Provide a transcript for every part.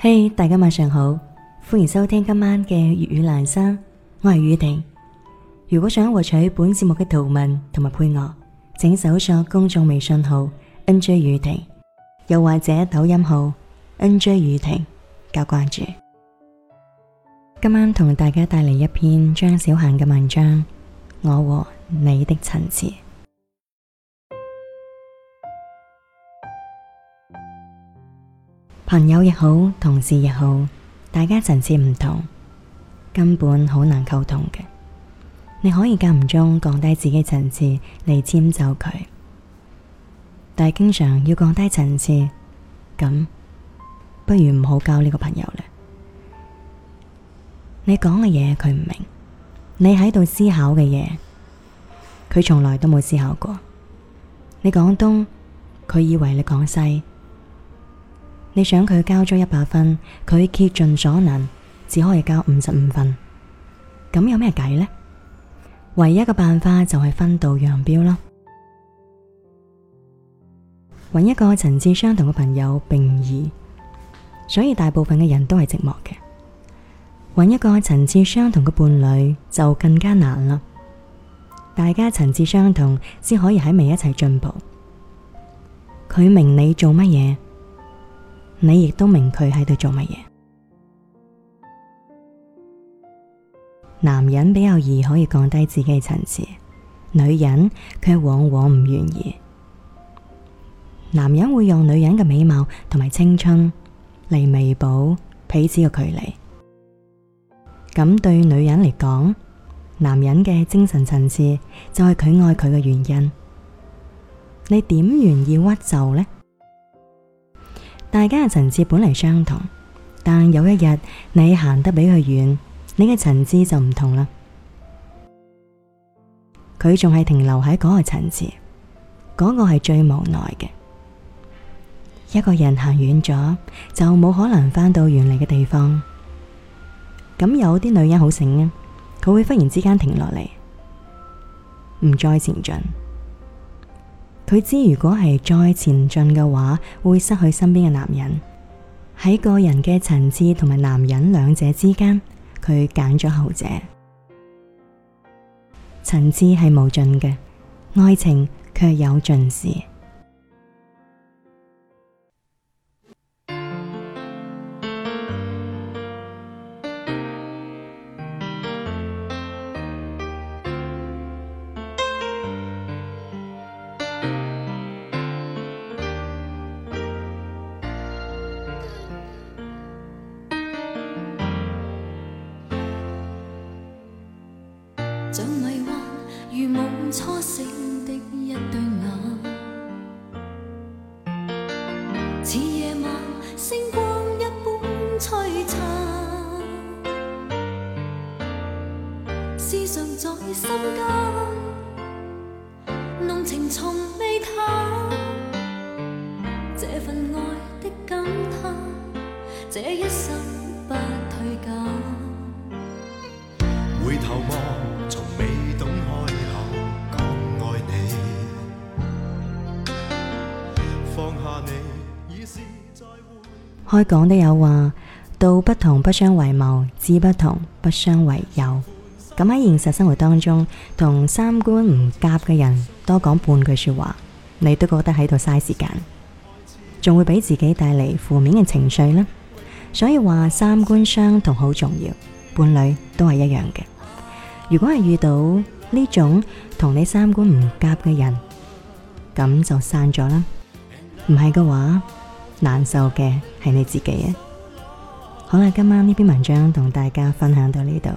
嘿，hey, 大家晚上好，歡迎收聽今晚嘅粵語蘭生，我係宇婷。如果想獲取本節目嘅圖文同埋配樂，請搜索公眾微信號 NJ 宇婷，又或者抖音號 NJ 宇婷加關注。今晚同大家帶嚟一篇張小嫻嘅文章《我和你的層次》。朋友亦好，同事亦好，大家層次唔同，根本好難溝通嘅。你可以間唔中降低自己層次嚟遷就佢，但係經常要降低層次，咁不如唔好交呢個朋友啦。你講嘅嘢佢唔明，你喺度思考嘅嘢，佢從來都冇思考過。你講東，佢以為你講西。你想佢交咗一百分，佢竭盡所能只可以交五十五分，咁有咩計呢？唯一嘅辦法就係分道揚鑣囉。搵一個層次相同嘅朋友並唔易，所以大部分嘅人都係寂寞嘅。搵一個層次相同嘅伴侶就更加難啦。大家層次相同先可以喺未一齊進步。佢明你做乜嘢？你亦都明佢喺度做乜嘢。男人比較易可以降低自己嘅層次，女人卻往往唔願意。男人會用女人嘅美貌同埋青春嚟彌補彼此嘅距離。咁對女人嚟講，男人嘅精神層次就係佢愛佢嘅原因。你點願意屈就呢？大家嘅層次本嚟相同，但有一日你行得比佢遠，你嘅層次就唔同啦。佢仲係停留喺嗰個層次，嗰個係最無奈嘅。一個人行遠咗，就冇可能返到原嚟嘅地方。咁有啲女人好醒啊，佢會忽然之間停落嚟，唔再前進。佢知如果係再前進嘅話，會失去身邊嘅男人。喺個人嘅層次同埋男人兩者之間，佢揀咗後者。層次係無盡嘅，愛情卻有盡時。如夢初醒的一對眼，似夜晚星光一般璀璨。思想在心間，濃情從未淡。這份愛的感嘆，這一生不褪減。開講都有話，道不同不相為謀，志不同不相為友。咁喺現實生活當中，同三觀唔夾嘅人多講半句說話，你都覺得喺度嘥時間，仲會俾自己帶嚟負面嘅情緒咧。所以話三觀相同好重要，伴侶都係一樣嘅。如果係遇到呢種同你三觀唔夾嘅人，咁就散咗啦。唔係嘅話。難受嘅係你自己啊！好啦，今晚呢篇文章同大家分享到呢度。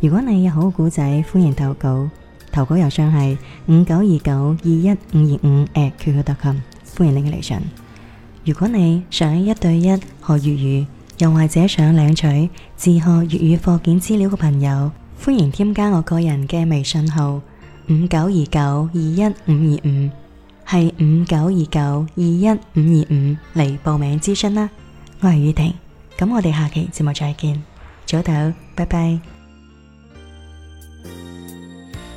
如果你有好古仔，歡迎投稿，投稿郵箱係五九二九二一五二五 at qq.com，歡迎你嘅嚟信。如果你想一對一學粵語，又或者想領取自學粵語課件資料嘅朋友，歡迎添加我個人嘅微信號五九二九二一五二五。係五九二九二一五二五嚟報名諮詢啦，我係宇婷，咁我哋下期節目再見，早唞，拜拜。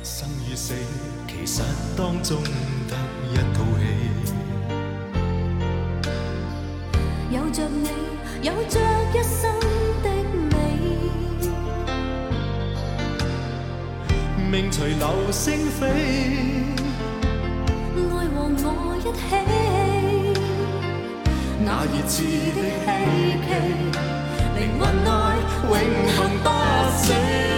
生與死其實當中得一一套戲有着着你，有着一生的美。命隨流星飛。那熱熾的嬉皮，靈魂內永恒不死。